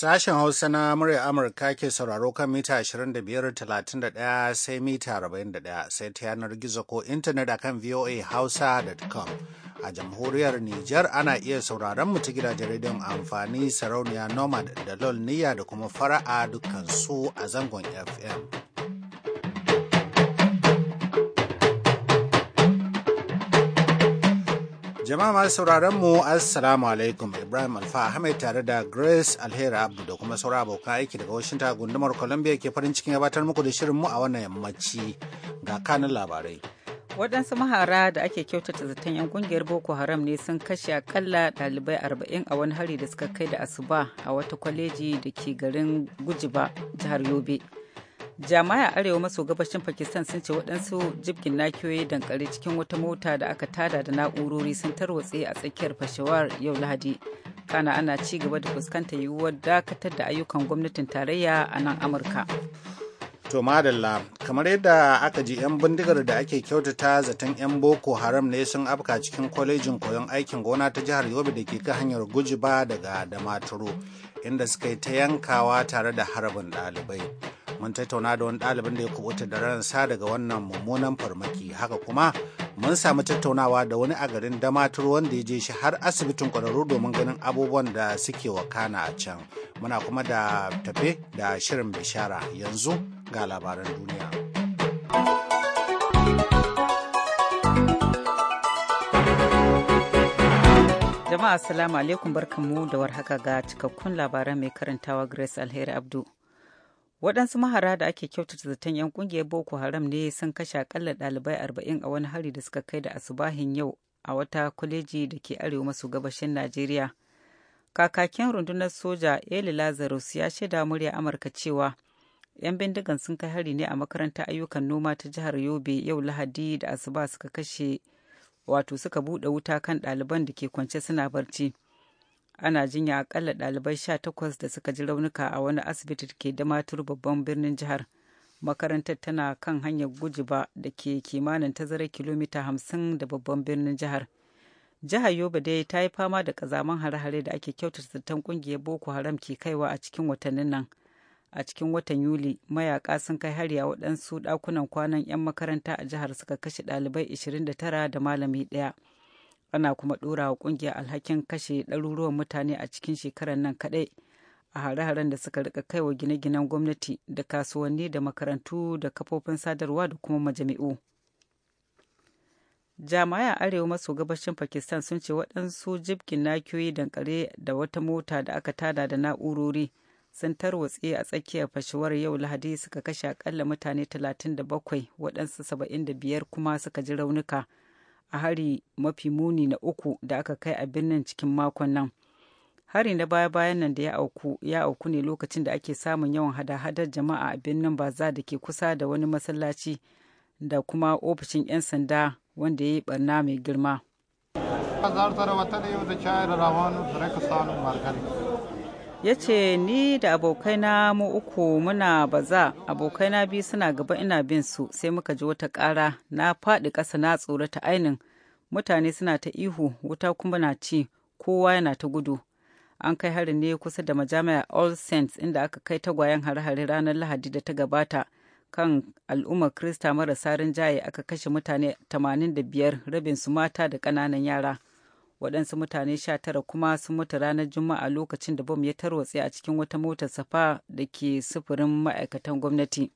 Sashen Hausa na murya Amurka ke sauraro kan mita 25.31 sai mita 41 sai ta yanar gizo ko intanet akan voahausa.com. A jamhuriyar Nijar ana iya sauraron mu ta gidajen rediyon amfani sarauniya Nomad da Lol Niyya da kuma fara'a dukkan su a zangon FM. Jama'a masu sauraron mu Assalamu alaikum Ibrahim Alfa Ahmed tare da Grace Alheri Abdu da kuma sauran abokan aiki daga Washington gundumar Columbia ke farin cikin gabatar muku da shirin mu a wannan yammaci ga kanin labarai. Waɗansu mahara da ake kyautata zaton 'yan kungiyar Boko Haram ne sun kashe akalla ɗalibai arba'in a wani hari da suka kai da asuba a wata kwaleji da ke garin Gujiba, jihar Yobe. jama'a arewa maso gabashin pakistan sun ce waɗansu jibgin nakiyoyi dankali cikin wata mota da aka tada da na'urori sun tarwatse a tsakiyar fashewar yau lahadi kana ana ci gaba da fuskantar yiwuwar dakatar da ayyukan gwamnatin tarayya a nan amurka to madalla kamar yadda aka ji 'yan bindigar da ake kyautata zaton 'yan boko haram ne sun afka cikin kwalejin koyon aikin gona ta jihar yobe da ke kan hanyar gujiba daga damaturu inda suka yi ta yankawa tare da harbin ɗalibai mun tattauna da wani ɗalibin da ya kubuta da ransa daga wannan mummunan farmaki haka kuma mun samu tattaunawa da wani a garin damatur wanda ya je shi har asibitin kwararru domin ganin abubuwan da suke wakana a can muna kuma da tafe da shirin bishara yanzu ga labaran duniya jama'a assalamu alaikum mu da warhaka ga cikakkun labaran mai karantawa grace alheri abdu waɗansu mahara da ake kyautata zaton 'yan ƙungiyar boko haram ne sun kashe akalla ɗalibai arba'in a wani hari da suka kai da asubahin yau a wata kwaleji da ke arewa maso gabashin najeriya kakakin rundunar soja eli lazarus ya shaida murya amurka cewa 'yan bindigan sun kai hari ne a makarantar ayyukan noma ta jihar yobe yau lahadi da asuba suka kashe wato suka buɗe wuta kan ɗaliban da ke kwance suna barci ana jinya akalla ɗalibai 18 da suka ji raunuka a wani asibiti da ke damatur babban birnin jihar makarantar tana kan hanyar gujiba da ke kimanin tazarar kilomita hamsin da babban birnin jihar jihar yobe dai ta yi fama da kazaman hare-hare da ake kyautata zaton kungiyar boko haram ke kaiwa a cikin watannin nan a cikin watan yuli mayaka sun kai hari a waɗansu ɗakunan kwanan 'yan makaranta a jihar suka kashe ɗalibai 29 da malami ɗaya ana kuma ɗora wa ƙungiyar alhakin kashe ɗaruruwan mutane a cikin shekarar nan kaɗai a hare-haren da suka rika kaiwa gine-ginen gwamnati da kasuwanni da makarantu da kafofin sadarwa da kuma majami'u jami'a arewa maso gabashin pakistan sun ce waɗansu jibgin nakiyoyi dankare da wata mota da aka tada da na'urori sun tarwatse a tsakiyar fashewar yau lahadi suka kashe akalla mutane 37 waɗansu 75 kuma suka ji raunuka a hari mafi muni na uku da aka kai a birnin cikin makon nan hari na baya-bayan nan da ya auku ya auku ne lokacin da ake samun yawan hada-hadar jama'a a birnin baza da ke kusa da wani masallaci da kuma ofishin 'yan sanda wanda ya yi barna mai girma. ya ce ni da abokaina mu uku muna baza abokaina biyu suna gaba ina bin su sai muka ji wata ƙara na faɗi ƙasa na tsoro ta ainin mutane suna ta ihu wuta kuma na ci kowa yana ta gudu an kai harin ne kusa da majami'a all saints inda aka kai tagwayen hare-hare ranar lahadi da ta gabata kan al'ummar krista marasa rinjaye aka kashe mutane 85 rabin su mata da ƙananan yara waɗansu mutane 19 kuma sun mutu ranar juma'a lokacin da bom ya tarwatse a cikin wata motar safa da ke sufurin ma'aikatan gwamnati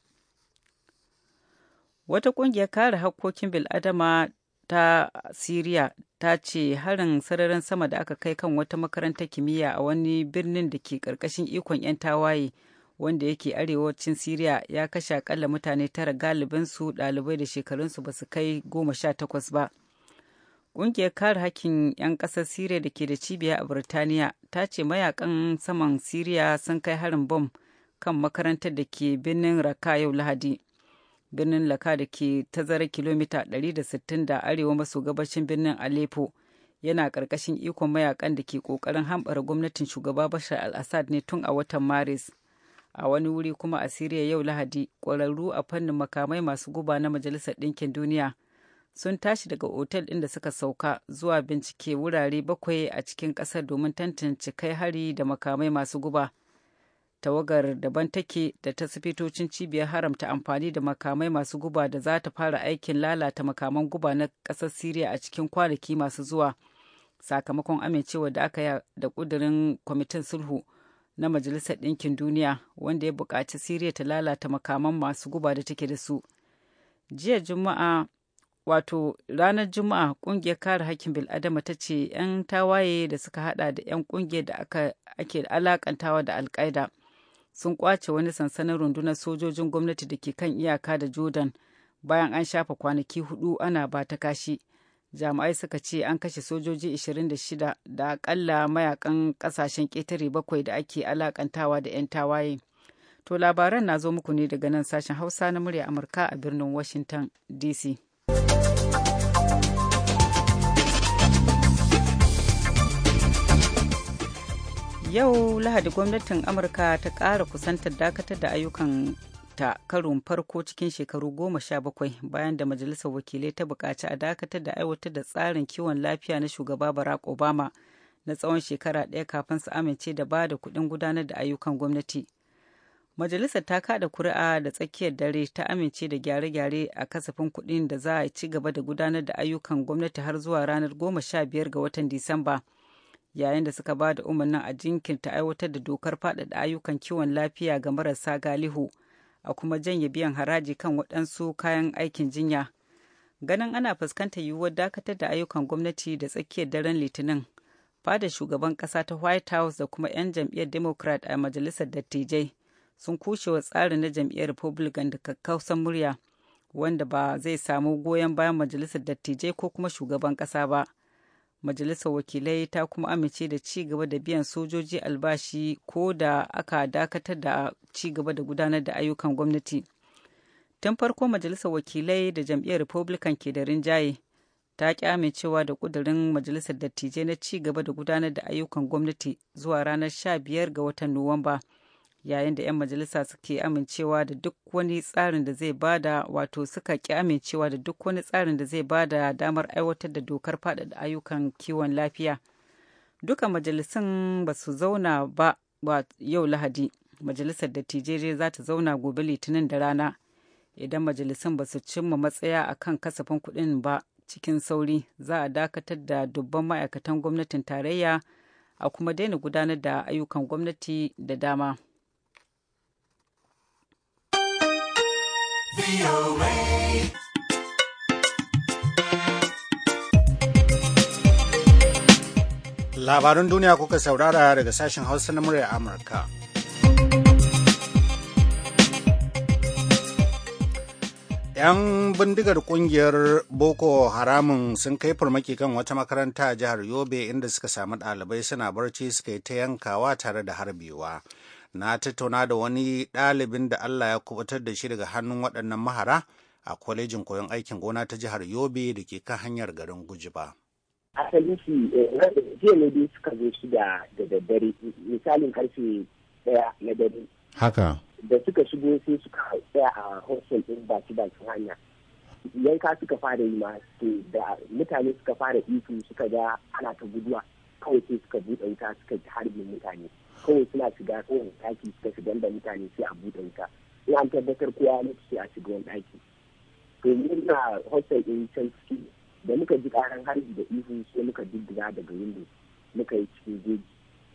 wata ƙungiyar kare hakkokin bil'adama ta siriya ta ce harin sararin sama da aka kai kan wata makarantar kimiyya a wani birnin da ke ƙarƙashin ikon 'yan tawaye wanda yake arewacin siriya ya kashe akalla mutane tara galibinsu ɗalibai da shekarunsu ba su kai goma sha takwas ba Ƙungiyar kare hakkin 'yan ƙasar Siriya da ke da cibiya a Burtaniya ta ce mayakan saman Siriya sun kai harin bom kan makarantar da ke birnin Raka yau Lahadi. Birnin Laka da ke tazara kilomita 160 da arewa maso gabashin birnin Aleppo yana ƙarƙashin ikon mayakan da ke ƙoƙarin hambara gwamnatin shugaba Bashar al-Assad ne tun a watan Maris. A wani wuri kuma a Siriya yau Lahadi, ƙwararru a fannin makamai masu guba na Majalisar Ɗinkin Duniya sun tashi daga otel ɗin da suka sauka zuwa bincike wurare bakwai a cikin ƙasar domin tantance kai hari da makamai masu guba. Tawagar daban take da ta sifitocin cibiyar haramta amfani da makamai masu guba da za ta fara aikin lalata makaman guba na ƙasar Siriya a cikin kwanaki masu zuwa. Sakamakon amincewa da aka yi da ƙudurin kwamitin sulhu na Majalisar Ɗinkin Duniya wanda ya buƙaci Siriya ta lalata makaman masu guba da take da su. Jiya Juma'a wato ranar juma'a kungiyar kare hakkin bil'adama ta ce 'yan tawaye da suka hada da 'yan kungiyar da ake alakantawa da alkaida sun kwace wani sansanin rundunar sojojin gwamnati da ke kan iyaka da jordan bayan an shafa kwanaki hudu ana ba ta kashi jami'ai suka ce an kashe sojoji 26 da akalla mayakan kasashen ƙetare bakwai da ake alakantawa da 'yan tawaye to labaran na zo muku ne daga nan sashen hausa na murya amurka a birnin washington dc yau lahadi gwamnatin amurka ta ƙara kusantar dakatar da ayyukan ta karon farko cikin shekaru goma sha bakwai bayan da majalisar wakilai ta buƙaci a dakatar da aiwatar da tsarin kiwon lafiya na shugaba barack obama na tsawon shekara ɗaya kafin su amince da ba da kuɗin gudanar da ayyukan gwamnati majalisar ta kada kuri'a da tsakiyar dare ta amince da gyare-gyare a kasafin kuɗin da za a ci gaba da gudanar da ayyukan gwamnati har zuwa ranar goma sha biyar ga watan disamba yayin da suka ba da umarnin a jinkirta aiwatar da dokar faɗaɗa ayyukan kiwon lafiya ga marasa galihu a kuma janye biyan haraji kan waɗansu kayan aikin jinya ganin ana fuskantar yiwuwar dakatar da ayyukan gwamnati da tsakiyar daren litinin fada shugaban ƙasa ta white house da kuma 'yan jam'iyyar democrat a majalisar dattijai sun kushe wa tsarin na jam'iyyar republican da kakkausan murya wanda ba zai samu goyon bayan majalisar dattijai ko kuma shugaban ƙasa ba majalisar wakilai ta kuma amince da ci gaba da biyan sojoji albashi ko da aka dakatar da ci gaba da gudanar da ayyukan gwamnati tun farko majalisar wakilai da jam'iyyar republican ke da rinjaye ta ki amincewa da kudurin majalisar dattijai na ci gaba da gudanar da ayyukan gwamnati zuwa ranar 15 ga watan nuwamba yayin da 'yan majalisa suke amincewa da duk wani tsarin da zai bada wato suka ki amincewa da duk wani tsarin da zai bada damar aiwatar da dokar faɗaɗa ayyukan kiwon lafiya duka majalisun ba su zauna ba yau lahadi majalisar dattijai za ta zauna gobe litinin da rana idan majalisun ba su cimma matsaya a kan kasafin kuɗin ba cikin sauri za a dakatar da dubban ma'aikatan gwamnatin tarayya a kuma daina gudanar da ayyukan gwamnati da dama Labaran duniya kuka saurara daga sashen Hausa na murya Amurka. ‘Yan bindigar kungiyar Boko Haramun sun kai farmaki kan wata makaranta a jihar Yobe inda suka samu ɗalibai suna barci suka yi ta yankawa tare da harbewa. na tattauna da wani ɗalibin da Allah ya kubutar da shi daga hannun waɗannan mahara a kwalejin koyon aikin gona ta jihar Yobe da ke kan hanyar garin Gujiba. Asali shi eh, jiya ne dai suka zo shi da daddare misalin karfe ɗaya na dare. Haka. Da suka shigo sai suka tsaya a hostel ɗin ba su ba hanya. Yanka suka fara yi ma da mutane suka fara ihu suka ga ana ta guduwa kawai sai suka buɗe wuta suka harbin mutane. kawai suna shiga kawai daki suka shiga da mutane sai a buɗe wuta in an tabbatar kowa mutu sai a shiga wani ɗaki to muna hostel ɗin can ciki da muka ji karan harbi da ihu sai muka diddiga daga windo muka yi cikin jeji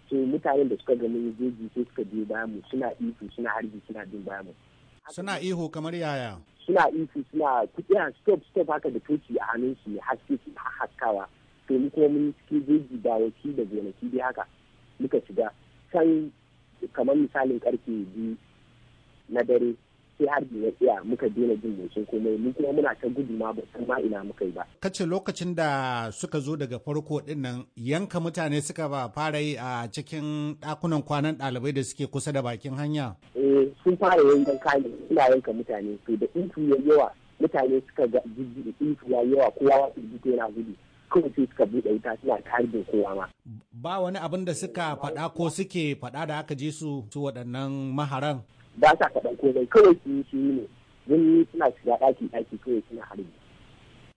so mutanen da suka gani jeji sai suka biyo baya mu suna ihu suna harbi suna bin baya mu suna ihu kamar yaya suna ihu suna kuɗiya stop stop haka da toci a hannun su haske su haskawa to mu kuma mun cikin jeji da wasu da gonaki dai haka muka shiga can kamar misalin karfe biyu na dare sai har ya iya muka daina jin motsin komai mun kuma muna ta gudu ma ba san ma ina muka yi ba kace lokacin da suka zo daga farko din nan yanka mutane suka ba fara yi a cikin dakunan kwanan dalibai da suke kusa da bakin hanya eh sun fara yankan kan suna yanka mutane to da intu yawa mutane suka ga jijji intu yawa kowa ya yana gudu kawai sai suka buɗe ita suna ta da kowa ma. Ba wani abin da suka faɗa ko suke faɗa da aka je su su waɗannan maharan. Ba sa faɗa bai kawai su yi shiru ne don suna shiga ɗaki ɗaki kawai suna harbi.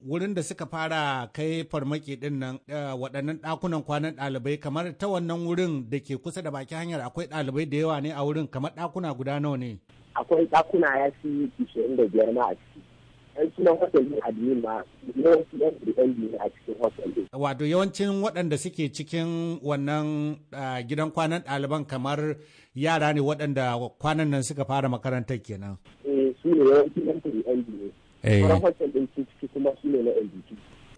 Wurin da suka fara kai farmaki ɗin nan eh, waɗannan ɗakunan kwanan ɗalibai kamar ta wannan wurin da ke kusa da bakin hanyar akwai ɗalibai da yawa ne a wurin kamar ɗakuna guda nawa ne. Akwai ɗakuna ya fi 25 ma a ciki. yan sunan hotel din admin ma yawanci yan biyu ne a cikin hotel ne. Wato yawancin waɗanda suke cikin wannan gidan kwanan ɗaliban kamar yara ne waɗanda kwanan nan suka fara makarantar kenan. Eh su ne yawanci yan biyu. ne. Eh. hotel din ciki kuma su ne na LBT.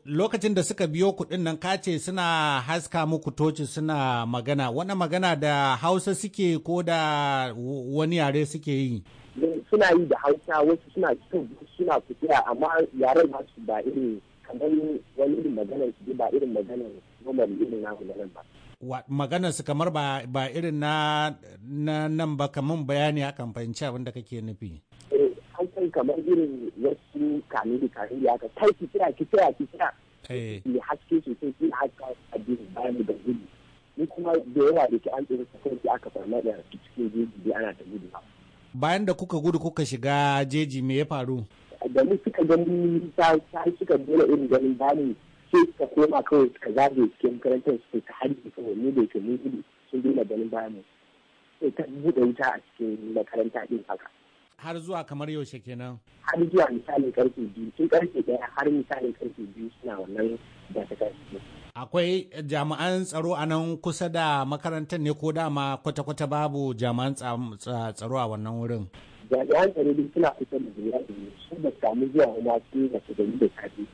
lokacin da suka biyo kuɗin nan kace suna haska muku toci suna magana wani magana da hausa suke ko da wani yare suke yi eh, suna yi da hausa wasu suna cikin suna tafiya amma yaren nasu ba irin kamar wani irin maganar su ba irin maganar nomar irin na maganar ba maganar su kamar ba ba irin na na nan ba kamar bayani akan fahimci abin da kake nufi eh an san kamar irin wasu kanuri kanuri aka kai ki kira ki kira ki kira eh haske su sai ki haska addini bayan da gudu ni kuma da yawa da ke an tsere sai aka farma da cikin jeji ana ta gudu bayan da kuka gudu kuka shiga jeji me ya faru da mu suka gani ta suka dole irin ganin bani sai suka koma kawai suka zage cikin makarantar su ta su kawai ne da ke mun gudu sun dole ganin bani sai ta buɗe wuta a cikin makaranta din haka. har zuwa kamar yaushe kenan har zuwa misalin karfe biyu tun karfe daya har misalin karfe biyu suna wannan da ta karfe akwai jami'an tsaro a nan kusa da makarantar ne ko dama kwata-kwata babu jami'an tsaro a wannan wurin jami'an tsaro duk suna fitar da zuwa da su da samu zuwa wani wasu da su gani da safe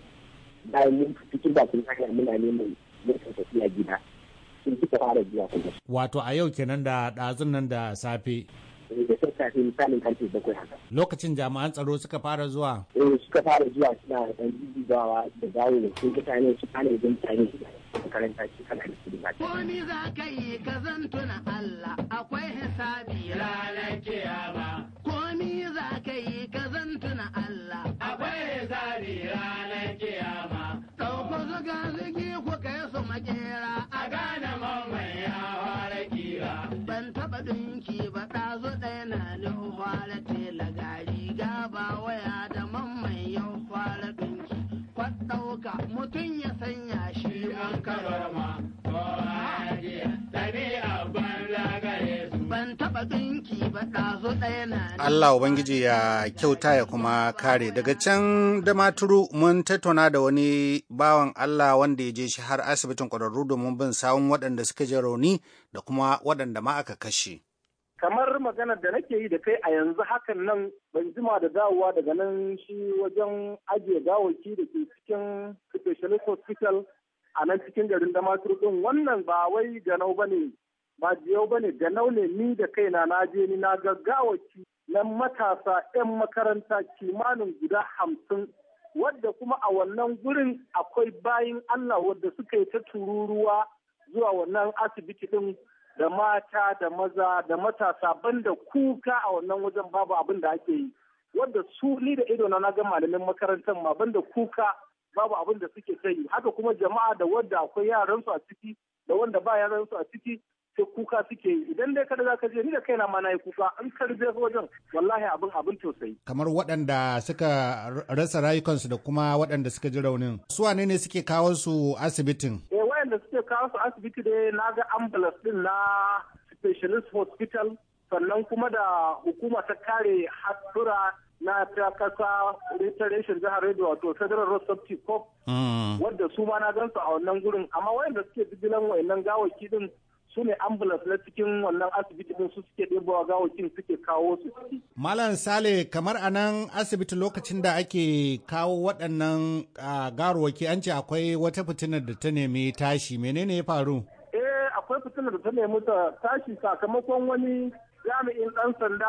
bayan mun fito ba kun hanyar muna neman mutum tafiya gida sun fi fara zuwa kuma. wato a yau kenan da ɗazun nan da safe. Eh, da safe misalin karfe bakwai haka. lokacin jami'an tsaro suka fara zuwa. eh suka fara zuwa suna ɗan jijibawa da dawo da sun mutane su kana idan mutane makaranta ce kana da su da ni za ka yi ka zan tuna Allah akwai hisabi. Allah Ubangiji ya kyauta ya kuma kare daga can da maturu mun tattauna da wani bawan Allah wanda ya je shi har asibitin ƙwararru domin bin sawun waɗanda suka je rauni da kuma waɗanda ma aka kashe. Kamar magana da nake yi da kai a yanzu hakan nan ban jima da dawowa daga nan shi wajen ajiye gawaki da ke cikin specialist hospital a nan cikin garin da maturu ɗin wannan ba wai ganau ba ne ba jiyau ba ne ganau ni da kaina na je ni na gaggawaki na matasa 'yan makaranta kimanin guda hamsin wadda kuma a wannan gurin akwai bayin Allah wadda suka yi ta tururuwa zuwa wannan asibiti din da mata da maza da matasa banda kuka a wannan wajen babu abin da ake yi wadda su ni da ido na ga malamin makarantar ma banda kuka babu abin da suke ta haka kuma jama'a da wadda akwai yaransu a ciki da wanda ba yaransu a ciki sai kuka suke yi idan dai kada za je ni da kaina ma na yi kuka an karbe wajen wallahi abin abin tausayi kamar waɗanda suka rasa rayukansu da kuma waɗanda suka ji raunin su wane ne suke kawo su asibitin eh waɗanda suke kawo su asibiti dai na ga ambulance din na specialist hospital sannan kuma da hukuma ta kare hatsura na ta kasa restoration jihar Edo wato Federal Road Safety corps mm. Wadda su ma na gansu a wannan gurin amma wayanda suke jigilan wayannan gawaki din su ne ambulance na cikin wannan asibiti din su suke ɗebowa gawakin suke kawo su ciki. Malam Sale kamar a nan asibiti lokacin da ake kawo waɗannan garwaki an ce akwai wata fitinar da ta nemi tashi menene ya faru? Eh akwai fitinar da ta nemi ta tashi sakamakon wani jami'in ɗan sanda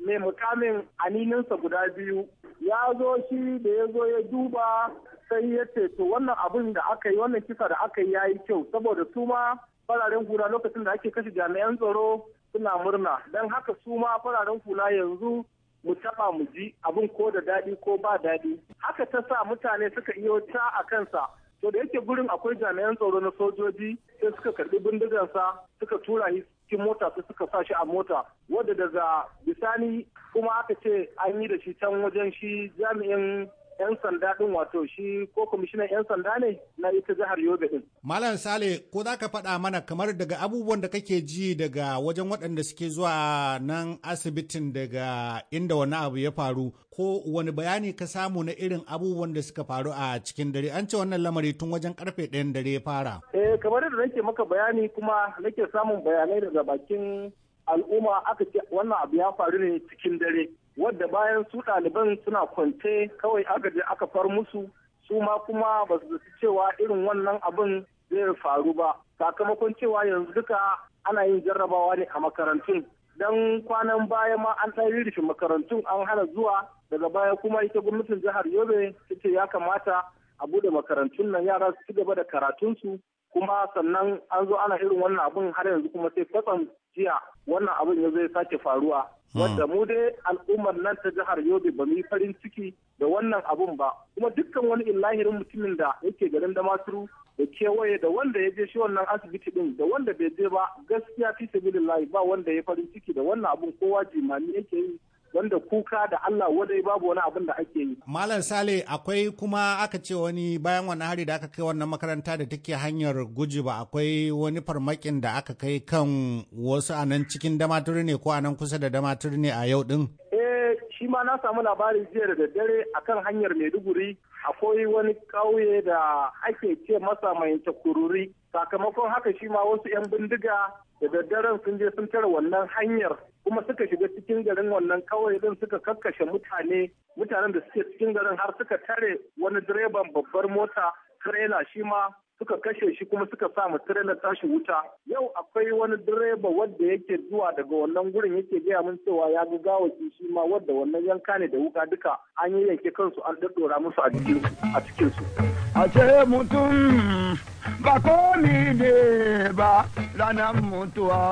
mai mukamin anininsa guda biyu ya zo shi da ya zo ya duba sai ya ce to wannan abin da aka yi wannan kisa da aka yi ya yi kyau saboda su ma fararen hula lokacin da ake kashe jami'an tsaro suna murna don haka su ma fararen hula yanzu mu taba mu ji abin ko da daɗi ko ba daɗi haka ta sa mutane suka iyo ta a kansa to da yake gurin akwai jami'an tsaro na sojoji sai suka karɓi bindigansa suka tura shi cikin mota sai suka sa shi a mota wadda daga bisani kuma aka ce an yi da shi can wajen shi jami'in 'yan sanda din wato shi ko kwamishinan 'yan sanda ne na ita jihar Yobe din. Malam Sale ko za ka faɗa mana kamar daga abubuwan da kake ji daga wajen waɗanda suke zuwa nan asibitin daga inda wani abu ya faru ko wani bayani ka samu na irin abubuwan da suka faru a cikin dare an ce wannan lamari tun wajen karfe ɗayan dare ya fara. Eh kamar da nake maka bayani kuma nake samun bayanai daga bakin al'umma aka ce wannan abu ya faru ne cikin dare. wadda bayan su ɗaliban suna kwance kawai agaji aka far musu su ma kuma ba su cewa irin wannan abin zai faru ba sakamakon cewa yanzu duka ana yin jarrabawa ne a makarantun dan kwanan baya ma an ɗan rishin makarantun an hana zuwa daga baya kuma ita gwamnatin jihar yobe ta ce ya kamata a bude makarantun nan yara su ci gaba da karatunsu kuma sannan an zo ana irin wannan abin har yanzu kuma sai kwatsam jiya wannan abin ya zai sake faruwa Wanda mu dai al'ummar nan ta jihar Yobe ba mu yi farin ciki da wannan abun ba. Kuma dukkan wani illahirin mutumin da yake garin Damaturu da kewaye da wanda ya je shi wannan asibiti din da wanda bai je ba gaskiya fi sabilillahi ba wanda ya farin ciki da wannan abun kowa jimani yake yi wanda kuka da Allah wadai babu wani abin da ake yi. Malam Sale akwai kuma aka ce wani bayan wani hari da aka kai wannan makaranta da take hanyar guji ba akwai wani farmakin da aka kai kan wasu anan cikin damaturu ne ko anan kusa da damaturu ne a yau din? Eh shi ma na samu labarin jiya da daddare akan hanyar Maiduguri akwai wani ƙauye da ake ce masa mai takururi sakamakon haka shi ma wasu 'yan bindiga da daddaren sun je sun tare wannan hanyar kuma suka shiga cikin garin wannan kawai din suka kakkashe mutane mutanen da suke cikin garin har suka tare wani direban babbar mota trailer shi ma suka kashe shi kuma suka sa mu trailer tashi wuta yau akwai wani direba wanda yake zuwa daga wannan gurin yake gaya mun cewa ya ga gawaki shi ma wanda wannan yanka ne da wuka duka an yi yanke kansu an daddora musu a cikin a cikin su a ce mutum ba komi ne ba ranar mutuwa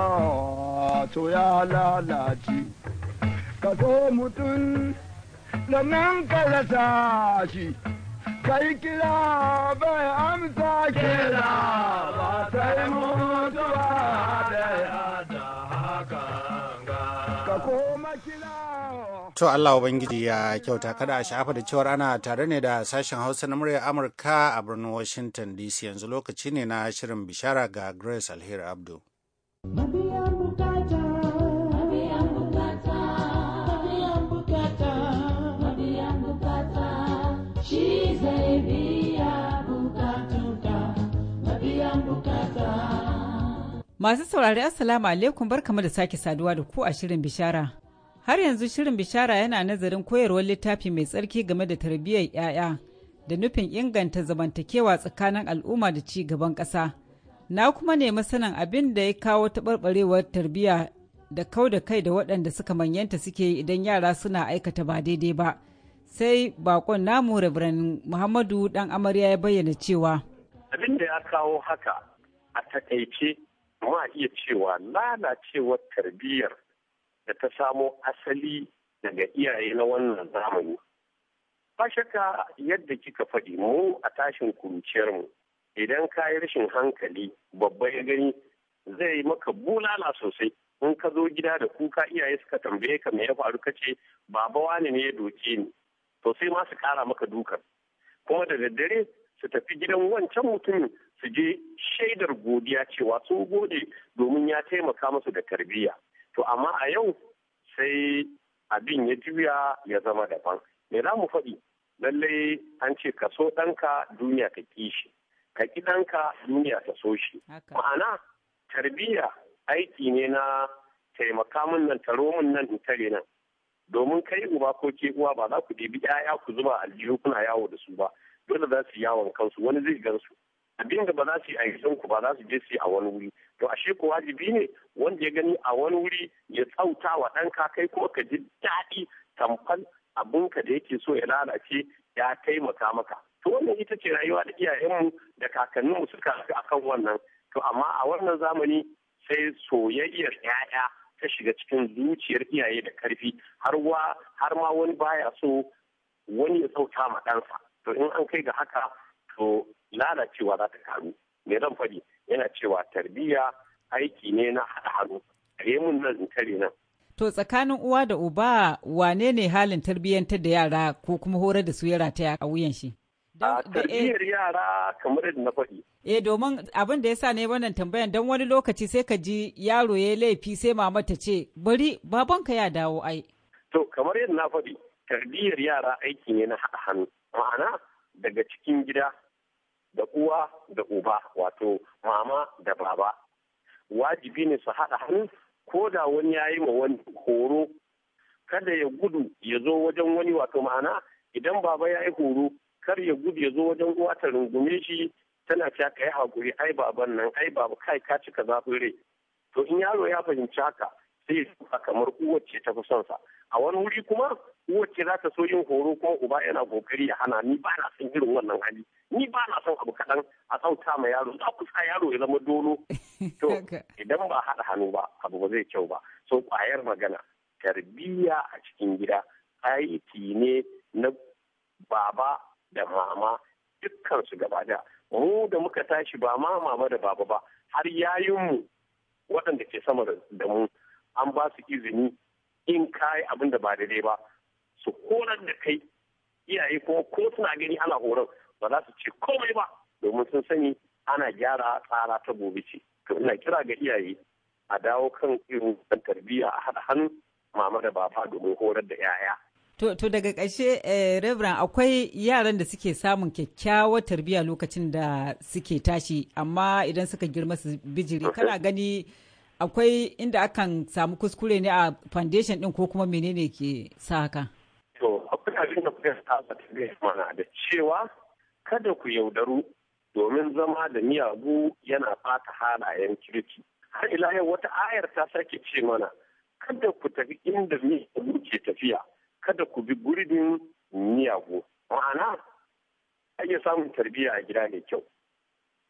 to ya lalace ka so mutum da nan shi kai kira bai amsa kira ba sai mutuwa da haka ka koma To Allah Ubangiji ya kyauta kada a sha'afa da cewar ana tare ne da sashen Hausa na murya Amurka a birnin Washington DC yanzu lokaci ne na shirin bishara ga Grace Alheri Abdu. Masu saurari Assalamu alaikum barkamu da sake saduwa da ku a shirin bishara. Har yanzu shirin bishara yana nazarin koyarwar littafi mai tsarki game da tarbiyyar 'ya'ya da nufin inganta zamantakewa tsakanin al'umma da ci gaban ƙasa. Na kuma nemi sanin abin da ya kawo taɓarɓarewar tarbiyya da kau da kai da waɗanda suka manyanta suke yi idan yara suna aikata ba daidai ba. Sai bakon namu Reverend Muhammadu ɗan amarya ya bayyana cewa. Abin da ya kawo haka a takaice ma iya cewa lalacewar tarbiyyar da ta samo asali daga iyaye na wannan zamani. Ba shakka yadda kika faɗi mu a tashin kuruciyarmu idan ka yi rashin hankali babba ya gani zai yi maka bulala sosai in ka zo gida da kuka iyaye suka tambaye ka me ya faru ka ce baba wani ne ya doke ni to sai ma su kara maka dukan kuma da daddare su tafi gidan wancan mutumin su je shaidar godiya cewa sun gode domin ya taimaka musu da tarbiyya to amma a yau sai abin ya juya ya zama daban me za mu faɗi lallai an ce ka so ɗanka duniya ka kishi, ka ƙi ɗanka duniya ta so shi ma'ana tarbiyya aiki ne na taimaka min nan taro min nan in tare nan domin kai uba ko ke uwa ba za ku ɗebi 'ya'ya ku zuba aljihu kuna yawo da su ba dole za su yawon kansu wani zai gansu abin da ba za su yi a ku ba za su je su yi a wani wuri to ashe ko wajibi ne wanda ya gani a wani wuri ya tsauta wa ɗanka kai ko ka ji daɗi tamfan abinka da yake so ya lalace ya taimaka maka to wannan ita ce rayuwa da iyayenmu da kakanninmu suka a kan wannan to amma a wannan zamani sai soyayyar 'ya'ya ta shiga cikin zuciyar iyaye da karfi har har ma wani baya so wani ya sauta ma ɗansa to in an kai ga haka to lalacewa za ta karu me zan faɗi yana cewa tarbiyya aiki ne na haɗa hannu yi mun nan in kare nan to tsakanin uwa da uba wane ne halin tarbiyyantar da yara ko kuma horar da su yara ta a wuyan shi eh, tarbiyyar yara kamar yadda na faɗi. Eh domin abin da ya sa ne wannan tambayan don wani lokaci sai ka ji yaro ya laifi sai mama ta ce bari babanka ya dawo ai. To kamar yadda na faɗi tarbiyyar yara aiki ne na haɗa hannu. ma'ana daga cikin gida da uwa da uba wato mama da baba wajibi ne su haɗa hannu ko da wani ya yi ma wani horo kada ya gudu ya zo wajen wani wato ma'ana idan baba ya yi horo kar ya gudu ya zo wajen uwa ta rungume shi tana cewa ka yi haƙuri ai baban nan ai baba kai ka cika zafin rai to in yaro ya fahimci haka sai ya kamar uwar ce ta fi son sa a wani wuri kuma wacce za ta so yin horo ko uba yana kokari ya hana ni ba na son irin wannan hali ni ba na son abu kaɗan a sauta ma yaro za ku sa yaro ya zama dolo to idan ba haɗa hannu ba abu ba zai kyau ba so ƙwayar magana tarbiyya a cikin gida aiki ne na baba da mama dukkan su gaba da mu da muka tashi ba ma mama da baba ba har mu waɗanda ke sama da mu an ba su izini in kayi abin da ba daidai ba su horar da kai iyaye kuma ko suna gani ana horar ba za su ce komai ba domin sun sani ana gyara tsara ta gobe ce to ina kira ga iyaye a dawo kan irin tarbiyya a haɗa hannu mama da baba domin horar da 'ya'ya To, to daga ƙarshe, eh, Reverend akwai yaran da suke samun kyakkyawar tarbiyya lokacin da suke tashi, amma idan suka girma su bijiri, kana gani akwai inda akan samu kuskure ne a foundation ɗin ko kuma menene ke sa haka? abin da kuka saba ta mana da cewa kada ku yaudaru domin zama da miyagu yana fata halayen kirki har ila yau wata ayar ta sake ce mana kada ku tafi inda miyagu ke tafiya kada ku bi gurbin miyagu ma'ana iya samun tarbiyya a gida mai kyau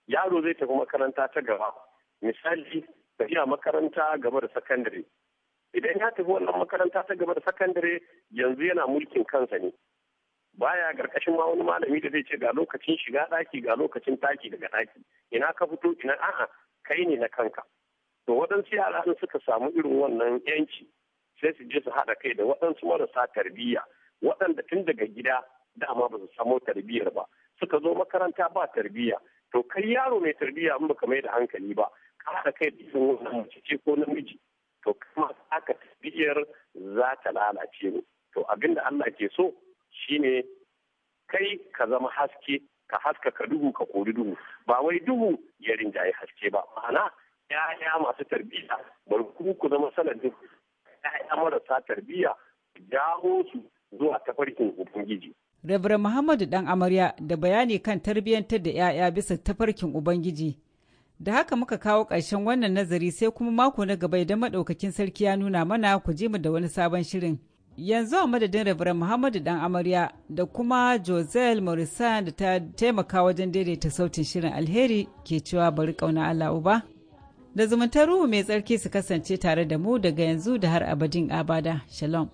yaro zai tafi makaranta ta gaba misali tafiya makaranta gaba da sakandare idan ya tafi wannan makaranta ta gaba da sakandare yanzu yana mulkin kansa ne baya karkashin ma wani malami da zai ce ga lokacin shiga daki ga lokacin taki daga daki ina ka fito ina a'a kai ne na kanka to waɗansu yara suka samu irin wannan yanci sai su je su haɗa kai da waɗansu marasa tarbiyya waɗanda tun daga gida dama ba su samu tarbiyyar ba suka zo makaranta ba tarbiyya to kai yaro mai tarbiyya in baka mai da hankali ba ka haɗa kai da irin wannan mace ce ko namiji to kuma haka tafiyar za ta lalace ne to abin da Allah ke so shine kai ka zama haske ka haska ka duhu ka kori duhu ba wai duhu ya rinjaye haske ba ma'ana ya'ya masu tarbiyya bari ku zama duk ya'ya marasa tarbiyya dawo su zuwa ta tafarkin ubangiji Reverend Muhammadu Dan Amarya da bayani kan tarbiyyantar da 'ya'ya bisa tafarkin Ubangiji Da haka muka kawo ƙarshen wannan nazari sai kuma mako na gaba idan maɗaukakin sarki ya nuna mana ku ji mu da wani sabon shirin. Yanzu a madadin Rabirin Muhammadu Dan Amarya da kuma Josel Morrison da ta taimaka wajen daidaita sautin shirin alheri ke cewa bari ƙauna Allah uba. Da zumuntar ruhu mai tsarki su kasance tare da mu daga yanzu da har abadin abada. Shalom.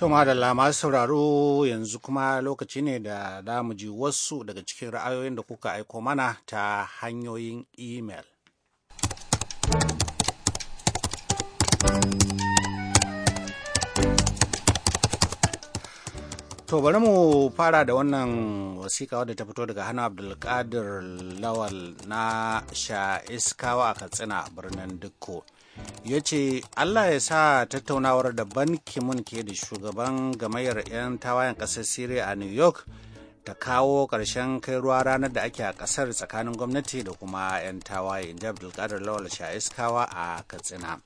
To madalla masu sauraro yanzu kuma lokaci ne da za mu ji wasu daga cikin ra'ayoyin da kuka aiko mana ta hanyoyin email. To bari mu fara da wannan wasiƙa wadda ta fito daga hana Abdulkadir Lawal na Sha'iskawa a Katsina birnin Dukko. ya ce allah ya sa tattaunawar da ban kimun ke da shugaban gamayyar 'yan tawayen ƙasar syria a new york ta kawo ƙarshen kai ruwa ranar da ake a ƙasar tsakanin gwamnati da kuma 'yan tawaye inji abdulkadir lawal sha'iskawa a katsina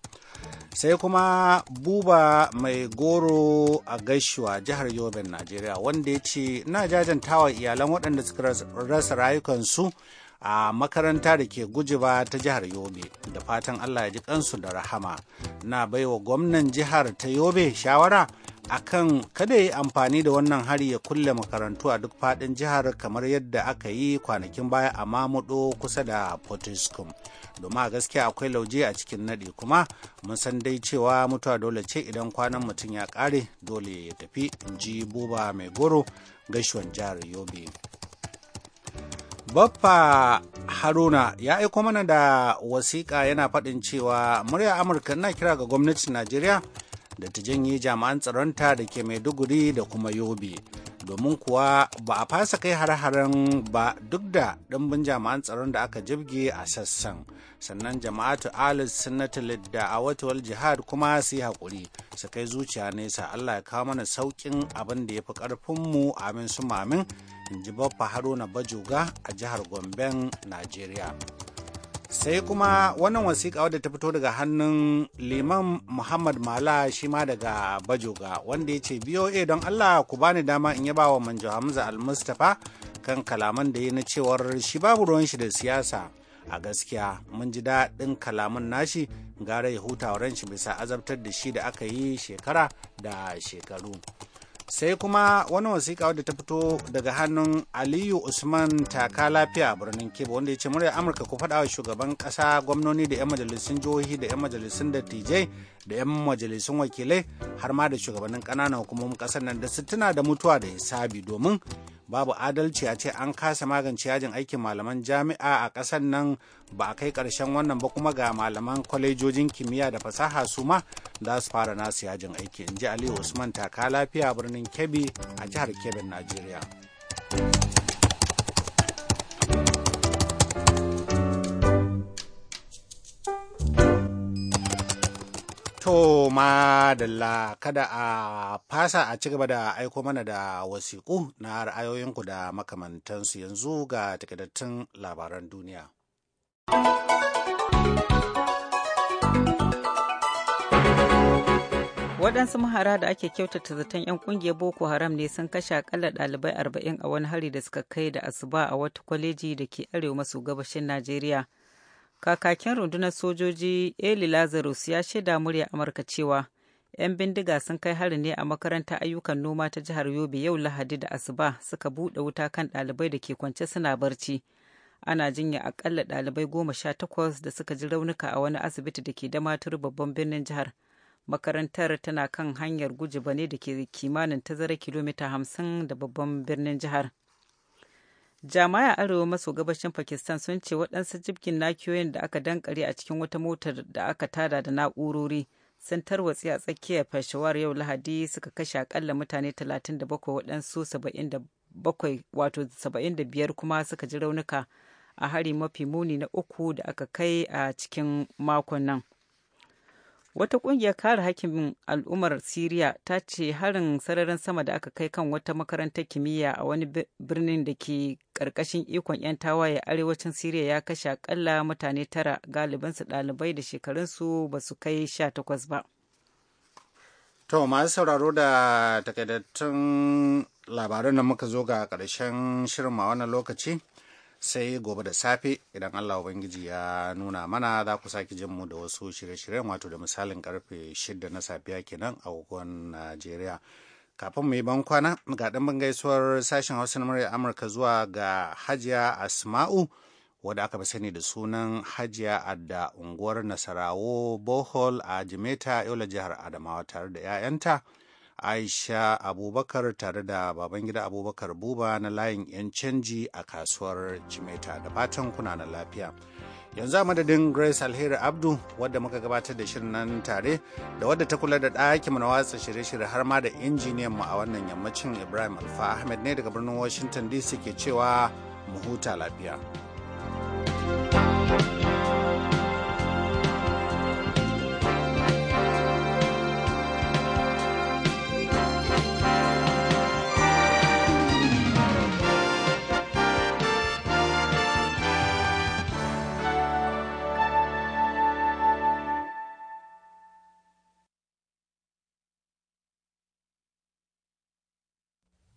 sai kuma buba mai goro a gaishuwa jihar yobin najeriya wanda ya ce na jajanta wa iyalan waɗanda suka rasa rayukansu a makaranta da ke gujiba ta jihar yobe da fatan allah ya ji kansu da rahama na baiwa gwamnan jihar ta yobe shawara akan kada ya yi amfani da wannan hari ya kulle makarantu a duk fadin jihar kamar yadda aka yi kwanakin baya a mamudo kusa da potiskum domin a gaskiya akwai lauje a cikin nadi, kuma mun san dai cewa mutuwa dole ce idan kwanan mutum ya kare, dole ya tafi in ji buba mai goro gaishon jihar yobe Baffa Haruna ya aiko mana da wasiƙa yana faɗin cewa murya Amurka na kira ga gwamnatin Najeriya da ta janye jami'an tsaronta da ke Maiduguri da kuma Yobe. Domin kuwa ba a fasa kai har-haren ba duk da ɗimbin jami'an tsaron da aka jibge a sassan. Sannan jama'atu Alis Sunnatul da a jihad kuma su yi haƙuri su kai zuciya nesa Allah ya kawo mana sauƙin abin da ya fi ƙarfinmu amin su mamin. in ji baffa haruna bajoga a jihar gomben najeriya sai kuma wannan wasiƙa wadda ta fito daga hannun liman muhammad mala shi ma daga bajoga wanda ya ce boa don allah ku bani dama in yaba wa manjo hamza almustapha kan kalaman da ya na cewar shi babu ruwan shi da siyasa a gaskiya mun ji daɗin kalaman nashi gara ya hutawar ran shi bisa azabtar da shi da aka yi shekara da shekaru sai kuma wani wasiƙa wadda ta fito daga hannun aliyu usman taka lafiya a birnin kebo wanda ya ce muryar amurka ku faɗa wa shugaban ƙasa gwamnoni da 'yan majalisun jihohi da 'yan majalisun dattijai da 'yan majalisun wakilai har ma da shugabannin ƙananan hukumomin ƙasar nan da su tuna da mutuwa da hisabi domin babu adalci a ce an kasa magance yajin aikin malaman jami'a a ƙasar nan ba a kai ƙarshen wannan ba kuma ga malaman kwalejojin kimiyya da fasaha su ma za su fara nasu yajin aiki in ji aliyu usman taka lafiya birnin kebbi a jihar Kebbi, najeriya To madalla kada a fasa a ci gaba da aiko mana da wasiƙu na ra'ayoyinku da makamantansu yanzu ga takaddatun labaran duniya. waɗansu mahara da ake kyautata zaton 'yan ƙungiyar boko haram ne sun kashe akalla ɗalibai arba'in a wani hari da suka kai da asuba a wata kwaleji da ke arewa maso gabashin najeriya kakakin rundunar sojoji eli lazarus ya shaida murya amurka cewa 'yan bindiga sun kai hari ne a makarantar ayyukan noma ta jihar yobe yau lahadi da asuba suka buɗe wuta kan ɗalibai da ke kwance suna barci ana jinya akalla ɗalibai goma sha takwas da suka ji raunuka a wani asibiti da ke damatur babban birnin jihar makarantar tana kan hanyar guji bane da ke kimanin tazara kilomita hamsin da babban birnin jihar jama'a arewa maso gabashin pakistan sun ce waɗansu jibgin nakiyoyin da aka dankare a cikin wata motar da aka tada da na'urori sun tarwatse a tsakiyar fashawar yau lahadi suka kashe akalla mutane 37 waɗansu 77 wato 75 kuma suka ji raunuka a hari mafi muni na uku da aka kai a cikin makon nan wata ƙungiyar kare hakkin al'ummar siriya ta ce harin sararin sama da aka kai kan wata makarantar kimiyya a wani birnin da ke ƙarƙashin ikon 'yan tawaye arewacin siriya ya kashe akalla mutane tara galibinsu ɗalibai da shekarunsu ba su kai sha takwas ba to masu sauraro da takaitattun labarin da muka zo ga ƙarshen shirin ma wannan lokaci sai gobe da safe idan allah ubangiji ya nuna mana za ku sake jin mu da wasu shirye-shiryen wato da misalin karfe shida na safiya kenan a hukun najeriya kafin mu yi ban kwana ga ɗan gaisuwar sashen hausa na murya amurka zuwa ga hajiya asma'u wadda aka fi sani da sunan hajiya adda unguwar nasarawo bohol a jimeta yola jihar adamawa tare da 'ya'yanta aisha abubakar tare da babangida abubakar buba na layin 'yan canji a kasuwar jimeta da fatan kuna na lafiya yanzu a madadin grace alheri abdu wadda muka gabatar da shirin nan tare da wadda ta kula da ɗakin na watsa shirye-shirye har ma da injiniyan mu a wannan yammacin ibrahim alfa ahmed ne daga birnin washington dc ke cewa mu huta lafiya thank you